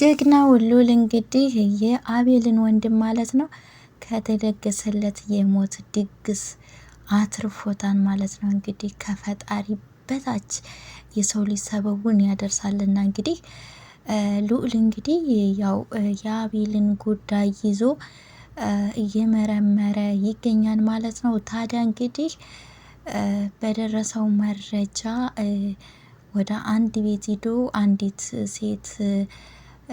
ጀግናው ሉል እንግዲህ የአቤልን ወንድም ማለት ነው ከተደገሰለት የሞት ድግስ አትርፎታን ማለት ነው። እንግዲህ ከፈጣሪ በታች የሰው ልጅ ሰበቡን ያደርሳልና እንግዲህ ሉል እንግዲህ ያው የአቤልን ጉዳይ ይዞ እየመረመረ ይገኛል ማለት ነው። ታዲያ እንግዲህ በደረሰው መረጃ ወደ አንድ ቤት ሂዶ አንዲት ሴት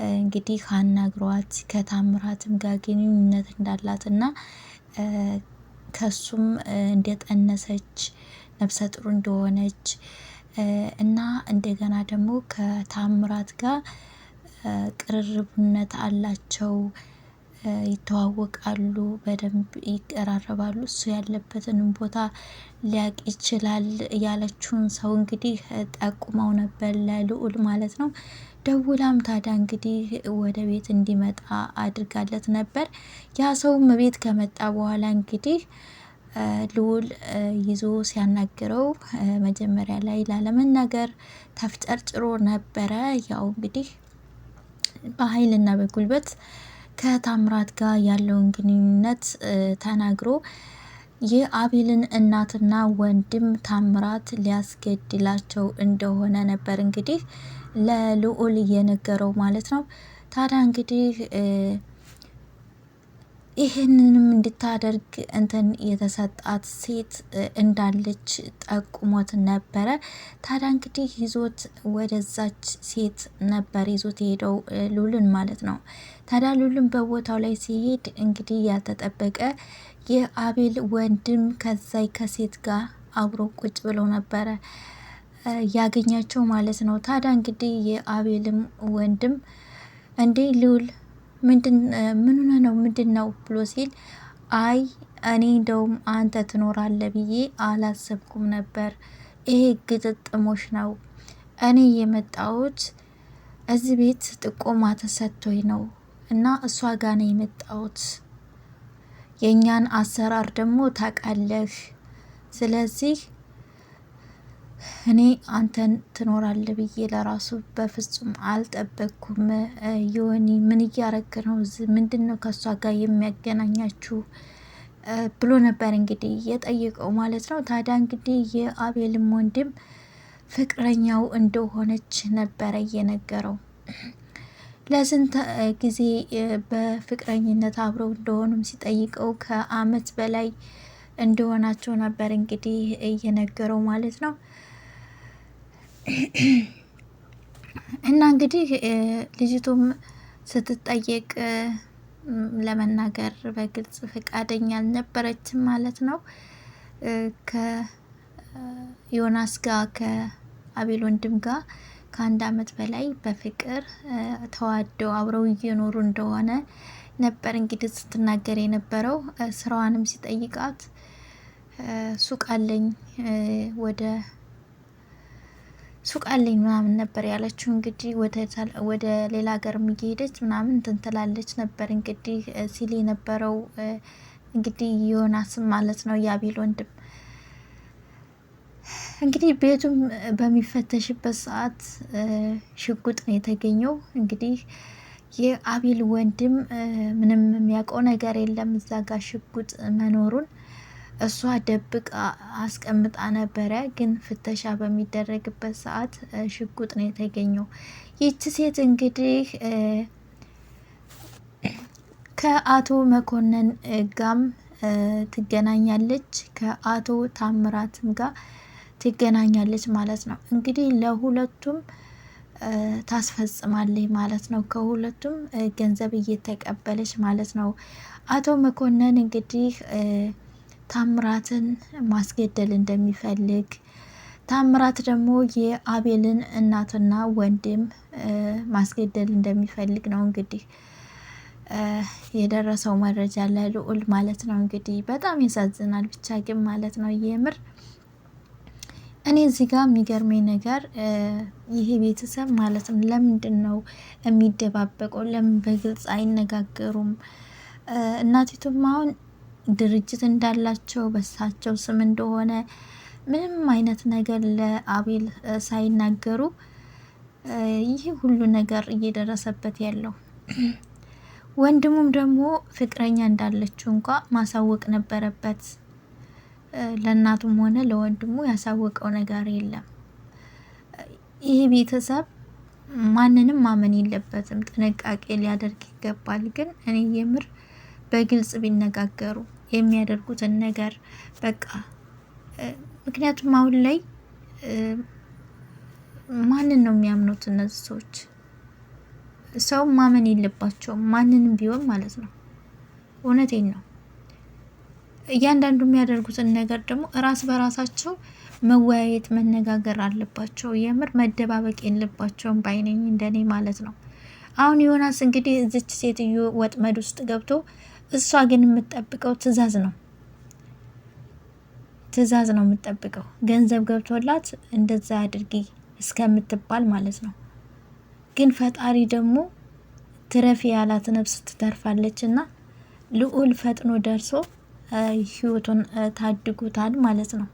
እንግዲህ ካናግሯት ከታምራትም ጋር ግንኙነት እንዳላትና ከሱም እንደጠነሰች ነፍሰ ጥሩ እንደሆነች እና እንደገና ደግሞ ከታምራት ጋር ቅርርብነት አላቸው፣ ይተዋወቃሉ፣ በደንብ ይቀራረባሉ። እሱ ያለበትንም ቦታ ሊያቅ ይችላል ያለችውን ሰው እንግዲህ ጠቁመው ነበር ለልዑል ማለት ነው። ደውላም ታዲያ እንግዲህ ወደ ቤት እንዲመጣ አድርጋለት ነበር። ያ ሰውም ቤት ከመጣ በኋላ እንግዲህ ልውል ይዞ ሲያናግረው መጀመሪያ ላይ ላለመናገር ተፍጨርጭሮ ነበረ። ያው እንግዲህ በኃይልና በጉልበት ከታምራት ጋር ያለውን ግንኙነት ተናግሮ የአቤልን እናትና ወንድም ታምራት ሊያስገድላቸው እንደሆነ ነበር እንግዲህ ለልዑል እየነገረው ማለት ነው። ታዲያ እንግዲህ ይህንንም እንድታደርግ እንትን የተሰጣት ሴት እንዳለች ጠቁሞት ነበረ። ታዲያ እንግዲህ ይዞት ወደዛች ሴት ነበር ይዞት የሄደው ሉልን ማለት ነው። ታዲያ ሉልን በቦታው ላይ ሲሄድ እንግዲህ ያልተጠበቀ የአቤል ወንድም ከዛይ ከሴት ጋር አብሮ ቁጭ ብለው ነበረ። ያገኛቸው ማለት ነው። ታዲያ እንግዲህ የአቤልም ወንድም እንዴ ልውል ምን ሆነ ነው ምንድን ነው ብሎ ሲል አይ እኔ እንደውም አንተ ትኖራለ ብዬ አላሰብኩም ነበር። ይሄ ግጥጥሞች ነው። እኔ የመጣሁት እዚህ ቤት ጥቆማ ተሰጥቶኝ ነው እና እሷ ጋር ነው የመጣሁት። የእኛን አሰራር ደግሞ ታውቃለህ። ስለዚህ እኔ አንተን ትኖራለህ ብዬ ለራሱ በፍጹም አልጠበቅኩም። ዮኒ ምን እያረግ ነው? ምንድን ነው ከእሷ ጋር የሚያገናኛችሁ ብሎ ነበር እንግዲህ የጠየቀው ማለት ነው። ታዲያ እንግዲህ የአቤልም ወንድም ፍቅረኛው እንደሆነች ነበረ እየነገረው። ለስንት ጊዜ በፍቅረኝነት አብረው እንደሆኑም ሲጠይቀው ከአመት በላይ እንደሆናቸው ነበር እንግዲህ እየነገረው ማለት ነው። እና እንግዲህ ልጅቱም ስትጠየቅ ለመናገር በግልጽ ፈቃደኛ አልነበረችም ማለት ነው። ከዮናስ ጋር ከአቤል ወንድም ጋር ከአንድ አመት በላይ በፍቅር ተዋደው አብረው እየኖሩ እንደሆነ ነበር እንግዲህ ስትናገር የነበረው። ስራዋንም ሲጠይቃት ሱቅ አለኝ ወደ ሱቅ አለኝ ምናምን ነበር ያለችው። እንግዲህ ወደ ሌላ ሀገር የሚሄደች ምናምን ትንትላለች ነበር እንግዲህ ሲል የነበረው እንግዲህ ዮናስም ማለት ነው የአቤል ወንድም። እንግዲህ ቤቱም በሚፈተሽበት ሰዓት ሽጉጥ ነው የተገኘው። እንግዲህ የአቤል ወንድም ምንም የሚያውቀው ነገር የለም እዛ ጋር ሽጉጥ መኖሩን እሷ ደብቅ አስቀምጣ ነበረ። ግን ፍተሻ በሚደረግበት ሰዓት ሽጉጥ ነው የተገኘው። ይቺ ሴት እንግዲህ ከአቶ መኮንን ጋም ትገናኛለች፣ ከአቶ ታምራትም ጋር ትገናኛለች ማለት ነው። እንግዲህ ለሁለቱም ታስፈጽማለች ማለት ነው። ከሁለቱም ገንዘብ እየተቀበለች ማለት ነው። አቶ መኮንን እንግዲህ ታምራትን ማስገደል እንደሚፈልግ ታምራት ደግሞ የአቤልን እናትና ወንድም ማስገደል እንደሚፈልግ ነው እንግዲህ የደረሰው መረጃ ለልዑል ማለት ነው። እንግዲህ በጣም ያሳዝናል። ብቻ ግን ማለት ነው የምር እኔ እዚህ ጋር የሚገርመኝ ነገር ይሄ ቤተሰብ ማለት ነው ለምንድን ነው የሚደባበቀው? ለምን በግልጽ አይነጋገሩም? እናቲቱም አሁን ድርጅት እንዳላቸው በሳቸው ስም እንደሆነ ምንም አይነት ነገር ለአቤል ሳይናገሩ ይህ ሁሉ ነገር እየደረሰበት ያለው ወንድሙም ደግሞ ፍቅረኛ እንዳለችው እንኳ ማሳወቅ ነበረበት። ለእናቱም ሆነ ለወንድሙ ያሳወቀው ነገር የለም። ይህ ቤተሰብ ማንንም ማመን የለበትም፣ ጥንቃቄ ሊያደርግ ይገባል። ግን እኔ የምር በግልጽ ቢነጋገሩ የሚያደርጉትን ነገር በቃ ምክንያቱም አሁን ላይ ማንን ነው የሚያምኑት እነዚህ ሰዎች? ሰው ማመን የለባቸውም ማንንም ቢሆን ማለት ነው። እውነቴን ነው። እያንዳንዱ የሚያደርጉትን ነገር ደግሞ እራስ በራሳቸው መወያየት መነጋገር አለባቸው። የምር መደባበቅ የለባቸውም ባይነኝ እንደኔ ማለት ነው። አሁን ዮናስ እንግዲህ እዚች ሴትዮ ወጥመድ ውስጥ ገብቶ እሷ ግን የምትጠብቀው ትዕዛዝ ነው ትዕዛዝ ነው የምትጠብቀው። ገንዘብ ገብቶላት እንደዛ አድርጊ እስከምትባል ማለት ነው። ግን ፈጣሪ ደግሞ ትረፊ ያላት ነፍስ ትተርፋለች እና ልዑል ፈጥኖ ደርሶ ህይወቱን ታድጉታል ማለት ነው።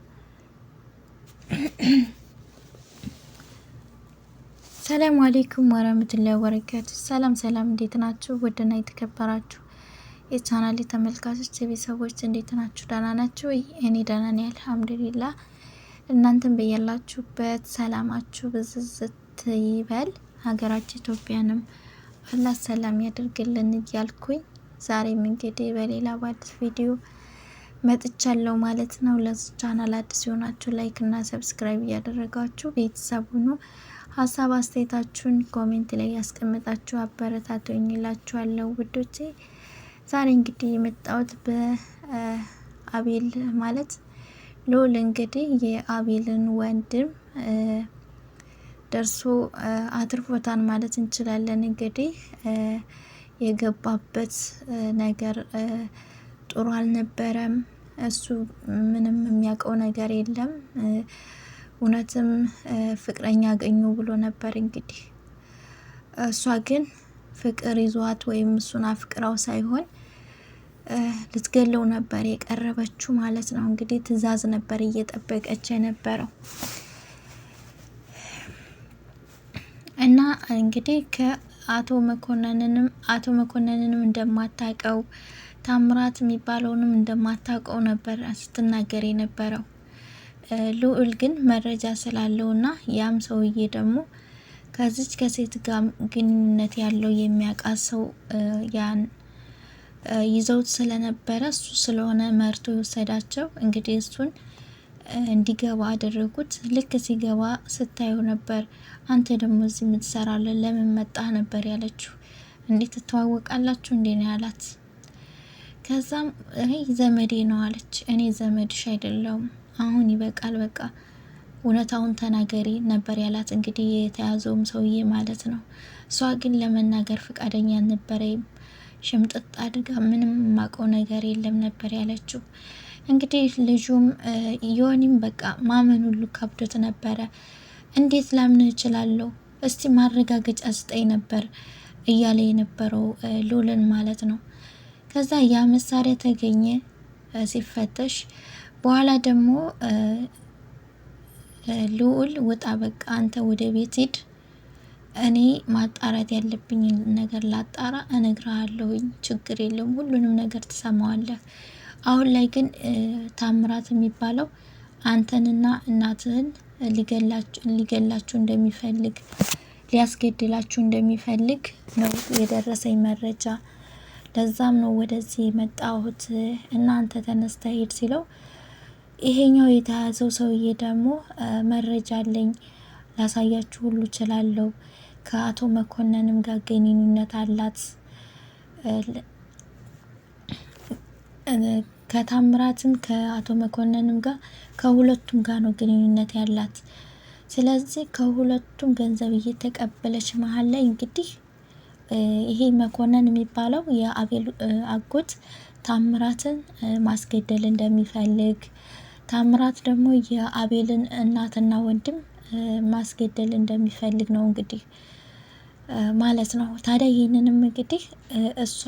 ሰላም አሌይኩም ወረህመቱላሂ ወበረካቱ። ሰላም ሰላም፣ እንዴት ናችሁ? ውድና የተከበራችሁ የቻናል ተመልካቾች የቤተሰቦች እንዴት ናችሁ? ደህና ናችሁ? እኔ ደህና ነኝ አልሐምዱሊላ። እናንተም በያላችሁበት ሰላማችሁ ብዝዝት ይበል። ሀገራችን ኢትዮጵያንም አላህ ሰላም ያደርግልን እያልኩኝ ዛሬም እንግዲህ በሌላ በአዲስ ቪዲዮ መጥቻለሁ ማለት ነው። ለዚህ ቻናል አዲስ የሆናችሁ ላይክ እና ሰብስክራይብ እያደረጋችሁ ቤተሰብ ሁኑ። ሀሳብ አስተያየታችሁን ኮሜንት ላይ ያስቀምጣችሁ አበረታቱኝ ውዶቼ ዛሬ እንግዲህ የመጣሁት በአቤል ማለት ሎል እንግዲህ የአቤልን ወንድም ደርሶ አትርፎታን ማለት እንችላለን። እንግዲህ የገባበት ነገር ጥሩ አልነበረም። እሱ ምንም የሚያውቀው ነገር የለም። እውነትም ፍቅረኛ አገኙ ብሎ ነበር እንግዲህ እሷ ግን ፍቅር ይዟት ወይም እሱን አፍቅራው ሳይሆን ልትገለው ነበር የቀረበችው ማለት ነው። እንግዲህ ትዕዛዝ ነበር እየጠበቀች የነበረው እና እንግዲህ ከአቶ መኮንንንም አቶ መኮንንንም እንደማታቀው ታምራት የሚባለውንም እንደማታውቀው ነበር ስትናገር የነበረው። ልዑል ግን መረጃ ስላለውና ያም ሰውዬ ደግሞ ከዚች ከሴት ጋር ግንኙነት ያለው የሚያውቃት ሰው ያን ይዘውት ስለነበረ እሱ ስለሆነ መርቶ የወሰዳቸው እንግዲህ እሱን እንዲገባ አደረጉት። ልክ ሲገባ ስታየው ነበር። አንተ ደግሞ እዚህ የምትሰራለን ለምን መጣ ነበር ያለችው። እንዴት ትተዋወቃላችሁ እንዴ ነው ያላት። ከዛም ዘመዴ ነው አለች። እኔ ዘመድሽ አይደለውም አሁን ይበቃል፣ በቃ እውነታውን ተናገሪ ነበር ያላት እንግዲህ የተያዘውም ሰውዬ ማለት ነው። እሷ ግን ለመናገር ፈቃደኛ ነበረ። ሽምጥጥ አድጋ ምንም የማውቀው ነገር የለም ነበር ያለችው። እንግዲህ ልጁም ዮኒም በቃ ማመን ሁሉ ከብዶት ነበረ። እንዴት ላምን እችላለሁ? እስቲ ማረጋገጫ ስጠኝ ነበር እያለ የነበረው ሉልን ማለት ነው። ከዛ ያ መሳሪያ ተገኘ ሲፈተሽ በኋላ ደግሞ ልዑል ውጣ፣ በቃ አንተ ወደ ቤት ሂድ፣ እኔ ማጣራት ያለብኝን ነገር ላጣራ እነግርሃለሁኝ። ችግር የለም፣ ሁሉንም ነገር ትሰማዋለህ። አሁን ላይ ግን ታምራት የሚባለው አንተንና እናትህን ሊገላችሁ እንደሚፈልግ ሊያስገድላችሁ እንደሚፈልግ ነው የደረሰኝ መረጃ። ለዛም ነው ወደዚህ የመጣሁት። እናንተ ተነስተ ሄድ ሲለው ይሄኛው የተያዘው ሰውዬ ደግሞ መረጃ አለኝ ላሳያችሁ ሁሉ እችላለሁ፣ ከአቶ መኮንንም ጋር ግንኙነት አላት፣ ከታምራትም ከአቶ መኮንንም ጋር ከሁለቱም ጋር ነው ግንኙነት ያላት። ስለዚህ ከሁለቱም ገንዘብ እየተቀበለች መሀል ላይ እንግዲህ ይሄ መኮንን የሚባለው የአቤል አጎት ታምራትን ማስገደል እንደሚፈልግ ታምራት ደግሞ የአቤልን እናትና ወንድም ማስገደል እንደሚፈልግ ነው እንግዲህ ማለት ነው። ታዲያ ይህንንም እንግዲህ እሷ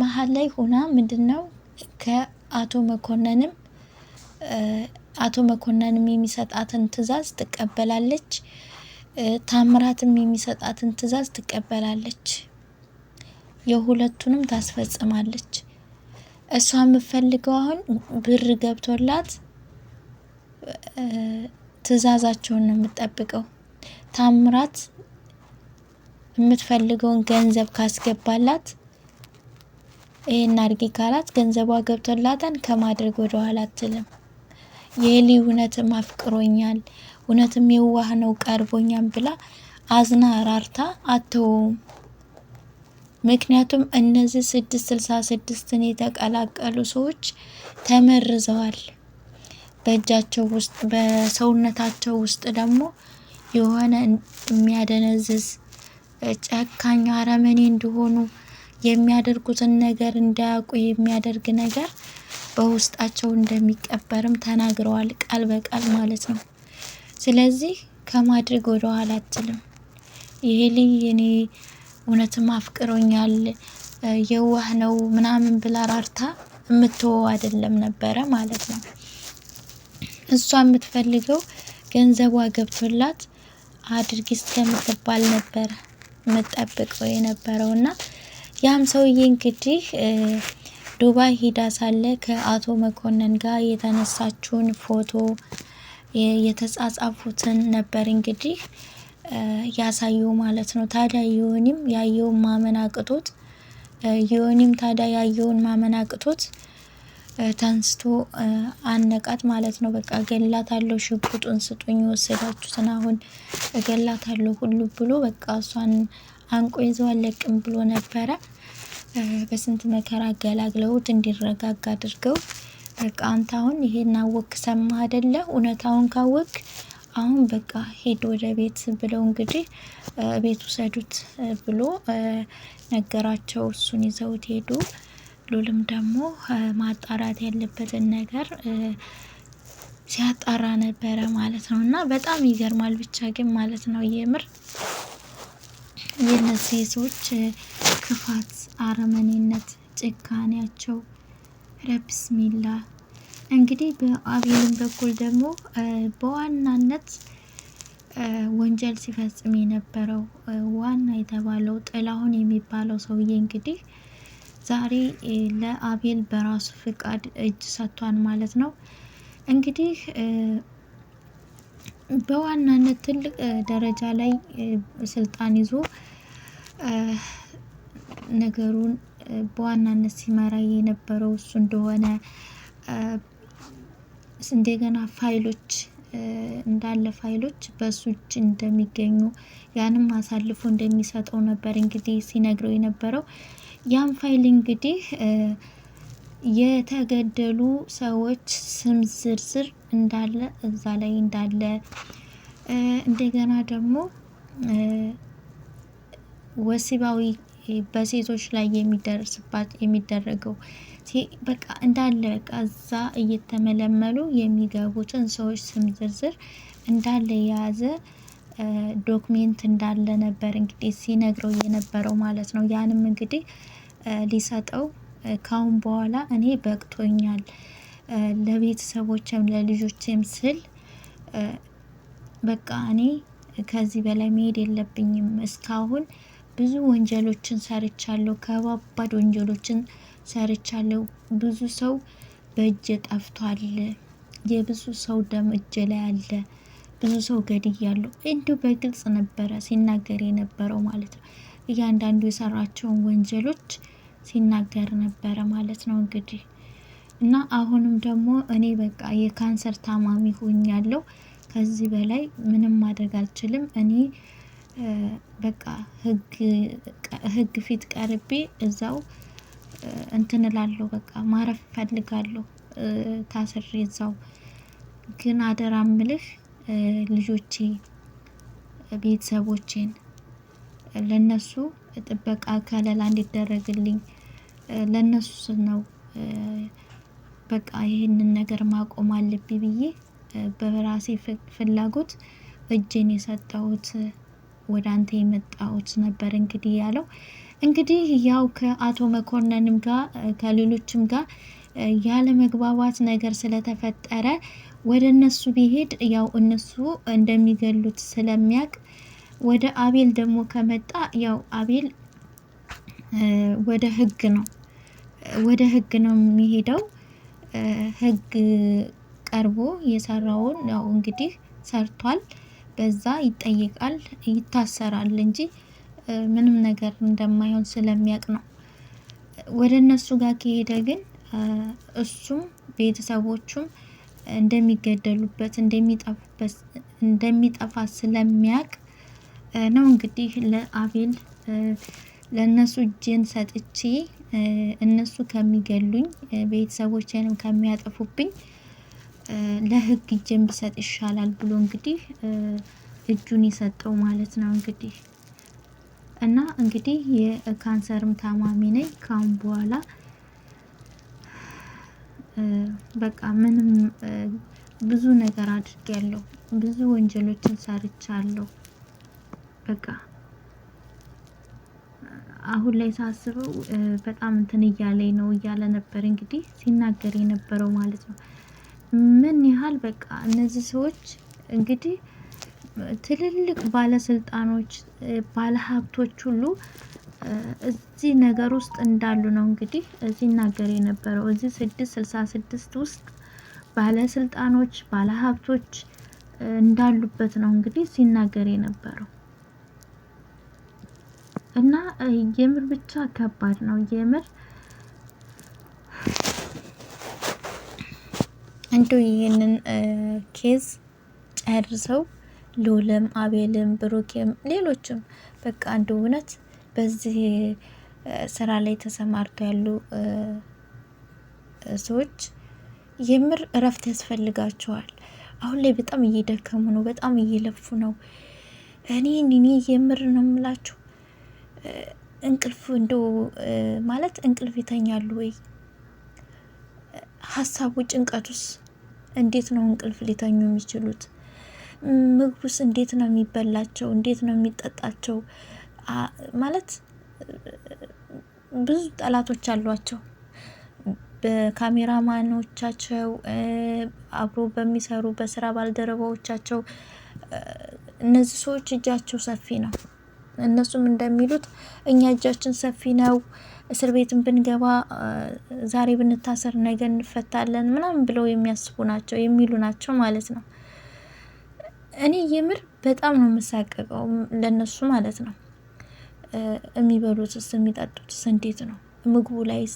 መሀል ላይ ሆና ምንድን ነው ከአቶ መኮንንም አቶ መኮንንም የሚሰጣትን ትዕዛዝ ትቀበላለች። ታምራትም የሚሰጣትን ትዕዛዝ ትቀበላለች። የሁለቱንም ታስፈጽማለች። እሷ የምፈልገው አሁን ብር ገብቶላት ትዕዛዛቸውን ነው የምጠብቀው ታምራት የምትፈልገውን ገንዘብ ካስገባላት ይህን አድርጊ ካላት ገንዘቧ ገብቶላታን ከማድረግ ወደ ኋላ አትልም። የሊ እውነትም አፍቅሮኛል እውነትም የዋህ ነው ቀርቦኛም ብላ አዝና ራርታ አተውም። ምክንያቱም እነዚህ ስድስት ስልሳ ስድስትን የተቀላቀሉ ሰዎች ተመርዘዋል። በእጃቸው ውስጥ በሰውነታቸው ውስጥ ደግሞ የሆነ የሚያደነዝዝ ጨካኝ አረመኔ እንደሆኑ የሚያደርጉትን ነገር እንዳያውቁ የሚያደርግ ነገር በውስጣቸው እንደሚቀበርም ተናግረዋል፣ ቃል በቃል ማለት ነው። ስለዚህ ከማድረግ ወደ ኋላ አትልም። ይሄ ልይ እኔ እውነትም አፍቅሮኛል የዋህ ነው ምናምን ብላ ራርታ የምትወው አይደለም ነበረ ማለት ነው። እሷ የምትፈልገው ገንዘቧ ገብቶላት አድርጊ እስከምትባል ነበረ የምጠብቀው የነበረው እና ያም ሰውዬ እንግዲህ ዱባይ ሂዳ ሳለ ከአቶ መኮንን ጋር የተነሳችውን ፎቶ የተጻጻፉትን ነበር እንግዲህ ያሳየው ማለት ነው። ታዲያ ዮኒም ያየውን ማመን አቅቶት ዮኒም ታዲያ ያየውን ማመን አቅቶት ተንስቶ አነቃት ማለት ነው። በቃ እገላታለሁ፣ ሽጉጡን ስጡኝ፣ የወሰዳችሁትን አሁን እገላታለሁ ሁሉ ብሎ በቃ እሷን አንቆ ይዞ አለቅም ብሎ ነበረ። በስንት መከራ አገላግለውት እንዲረጋጋ አድርገው በቃ አንተ አሁን ይሄን አወክ ሰማህ አይደለ? እውነታውን ካወክ አሁን በቃ ሄድ ወደ ቤት ብለው እንግዲህ ቤት ውሰዱት ብሎ ነገራቸው። እሱን ይዘውት ሄዱ። ሉልም ደግሞ ማጣራት ያለበትን ነገር ሲያጣራ ነበረ ማለት ነው። እና በጣም ይገርማል። ብቻ ግን ማለት ነው የምር የእነዚህ ሰዎች ክፋት፣ አረመኔነት፣ ጭካኔያቸው ረብስሚላ እንግዲህ በአቤልም በኩል ደግሞ በዋናነት ወንጀል ሲፈጽም የነበረው ዋና የተባለው ጥላሁን የሚባለው ሰውዬ እንግዲህ ዛሬ ለአቤል በራሱ ፍቃድ እጅ ሰጥቷን ማለት ነው። እንግዲህ በዋናነት ትልቅ ደረጃ ላይ ስልጣን ይዞ ነገሩን በዋናነት ሲመራ የነበረው እሱ እንደሆነ እንደገና ፋይሎች እንዳለ ፋይሎች በእሱ እጅ እንደሚገኙ ያንም አሳልፎ እንደሚሰጠው ነበር እንግዲህ ሲነግረው የነበረው። ያም ፋይል እንግዲህ የተገደሉ ሰዎች ስም ዝርዝር እንዳለ እዛ ላይ እንዳለ እንደገና ደግሞ ወሲባዊ በሴቶች ላይ የሚደርስባት የሚደረገው በቃ እንዳለ በቃ እዛ እየተመለመሉ የሚገቡትን ሰዎች ስም ዝርዝር እንዳለ የያዘ ዶክሜንት እንዳለ ነበር እንግዲህ ሲነግረው የነበረው ማለት ነው። ያንም እንግዲህ ሊሰጠው ካሁን በኋላ እኔ በቅቶኛል፣ ለቤተሰቦችም ለልጆችም ስል በቃ እኔ ከዚህ በላይ መሄድ የለብኝም እስካሁን ብዙ ወንጀሎችን ሰርቻለሁ። ከባባድ ወንጀሎችን ሰርቻለሁ። ብዙ ሰው በእጅ ጠፍቷል። የብዙ ሰው ደም እጄ ላይ አለ። ብዙ ሰው ገድያለሁ እንዲሁ በግልጽ ነበረ ሲናገር የነበረው ማለት ነው። እያንዳንዱ የሰራቸውን ወንጀሎች ሲናገር ነበረ ማለት ነው። እንግዲህ እና አሁንም ደግሞ እኔ በቃ የካንሰር ታማሚ ሆኛለሁ። ከዚህ በላይ ምንም ማድረግ አልችልም። እኔ በቃ ህግ ፊት ቀርቤ እዛው እንትን በቃ ማረፍ ፈልጋለሁ ታስሬ እዛው። ግን አደራ ምልህ ልጆቼ ቤተሰቦቼን ለነሱ ጥበቃ ከለላ እንዲደረግልኝ ለነሱ ስል ነው። በቃ ይህንን ነገር ማቆም አለብኝ ብዬ በራሴ ፍላጎት እጄን የሰጠሁት ወደ አንተ የመጣሁት ነበር እንግዲህ ያለው እንግዲህ ያው ከአቶ መኮንንም ጋር ከሌሎችም ጋር ያለ መግባባት ነገር ስለተፈጠረ ወደ እነሱ ቢሄድ ያው እነሱ እንደሚገሉት ስለሚያውቅ ወደ አቤል ደግሞ ከመጣ ያው አቤል ወደ ህግ ነው ወደ ህግ ነው የሚሄደው። ህግ ቀርቦ የሰራውን ያው እንግዲህ ሰርቷል። በዛ ይጠይቃል ይታሰራል እንጂ ምንም ነገር እንደማይሆን ስለሚያውቅ ነው። ወደ እነሱ ጋር ከሄደ ግን እሱም ቤተሰቦቹም እንደሚገደሉበት እንደሚጠፉበት እንደሚጠፋ ስለሚያውቅ ነው። እንግዲህ ለአቤል ለእነሱ እጄን ሰጥቼ እነሱ ከሚገሉኝ ቤተሰቦቼንም ከሚያጠፉብኝ ለህግ እጄን ብሰጥ ይሻላል ብሎ እንግዲህ እጁን የሰጠው ማለት ነው። እንግዲህ እና እንግዲህ የካንሰርም ታማሚ ነኝ ካሁን በኋላ በቃ ምንም ብዙ ነገር አድርጌያለሁ፣ ብዙ ወንጀሎችን ሰርቻለሁ። በቃ አሁን ላይ ሳስበው በጣም እንትን እያለኝ ነው እያለ ነበር እንግዲህ ሲናገር የነበረው ማለት ነው። ምን ያህል በቃ እነዚህ ሰዎች እንግዲህ ትልልቅ ባለስልጣኖች፣ ባለሀብቶች ሁሉ እዚህ ነገር ውስጥ እንዳሉ ነው እንግዲህ ሲናገር የነበረው። እዚህ ስድስት ስልሳ ስድስት ውስጥ ባለስልጣኖች፣ ባለሀብቶች እንዳሉበት ነው እንግዲህ ሲናገር የነበረው እና የምር ብቻ ከባድ ነው የምር አንዱ ይህንን ኬዝ ጨርሰው ሉልም አቤልም ብሩኬም ሌሎችም በቃ አንዱ እውነት በዚህ ስራ ላይ ተሰማርተው ያሉ ሰዎች የምር እረፍት ያስፈልጋቸዋል። አሁን ላይ በጣም እየደከሙ ነው፣ በጣም እየለፉ ነው። እኔ እኔ የምር ነው የምላችሁ እንቅልፍ እንደ ማለት እንቅልፍ ይተኛሉ ወይ ሀሳቡ ጭንቀቱስ እንዴት ነው እንቅልፍ ሊተኙ የሚችሉት? ምግቡስ እንዴት ነው የሚበላቸው? እንዴት ነው የሚጠጣቸው? ማለት ብዙ ጠላቶች አሏቸው። በካሜራማኖቻቸው አብሮ በሚሰሩ በስራ ባልደረባዎቻቸው። እነዚህ ሰዎች እጃቸው ሰፊ ነው። እነሱም እንደሚሉት እኛ እጃችን ሰፊ ነው እስር ቤትን ብንገባ ዛሬ ብንታሰር ነገ እንፈታለን ምናምን ብለው የሚያስቡ ናቸው የሚሉ ናቸው ማለት ነው። እኔ የምር በጣም ነው የምሳቀቀው ለነሱ ማለት ነው። የሚበሉትስ የሚጠጡትስ እንዴት ነው? ምግቡ ላይስ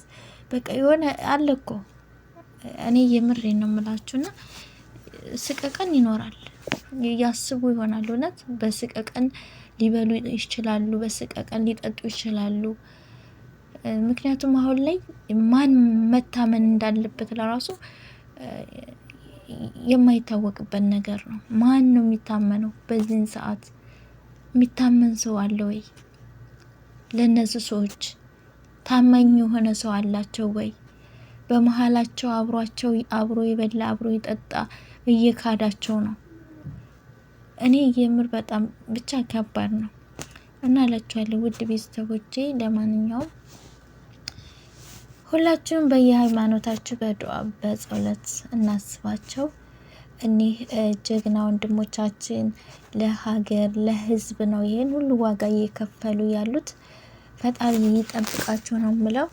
በቃ የሆነ አለ እኮ እኔ የምር ነው የምላችሁና ስቀቀን ይኖራል ያስቡ ይሆናል እውነት በስቀቀን ሊበሉ ይችላሉ፣ በስቀቀን ሊጠጡ ይችላሉ። ምክንያቱም አሁን ላይ ማን መታመን እንዳለበት ለራሱ የማይታወቅበት ነገር ነው። ማን ነው የሚታመነው? በዚህን ሰዓት የሚታመን ሰው አለ ወይ? ለእነዚህ ሰዎች ታማኝ የሆነ ሰው አላቸው ወይ? በመሀላቸው አብሯቸው አብሮ የበላ አብሮ የጠጣ እየካዳቸው ነው። እኔ የምር በጣም ብቻ ከባድ ነው እና እላችኋለሁ ውድ ቤተሰቦቼ ለማንኛውም ሁላችሁም በየሃይማኖታችሁ በዱዓ በጸሎት እናስባቸው። እኒህ ጀግና ወንድሞቻችን ለሀገር ለህዝብ ነው ይሄን ሁሉ ዋጋ እየከፈሉ ያሉት። ፈጣሪ ይጠብቃቸው ነው ምለው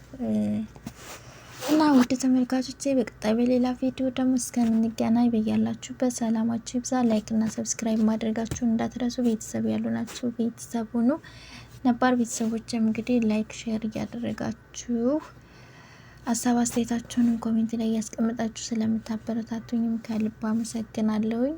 እና ውድ ተመልካቾቼ በቀጣይ በሌላ ቪዲዮ ደግሞ እስከምንገናኝ በያላችሁ በሰላማችሁ ይብዛ። ላይክ እና ሰብስክራይብ ማድረጋችሁን እንዳትረሱ። ቤተሰብ ያሉ ናቸው ቤተሰቡ ነው። ነባር ቤተሰቦችም እንግዲህ ላይክ ሼር እያደረጋችሁ ሀሳብ አስተያየታችሁንም ኮሜንት ላይ እያስቀመጣችሁ ስለምታበረታቱኝም ከልብ አመሰግናለሁኝ።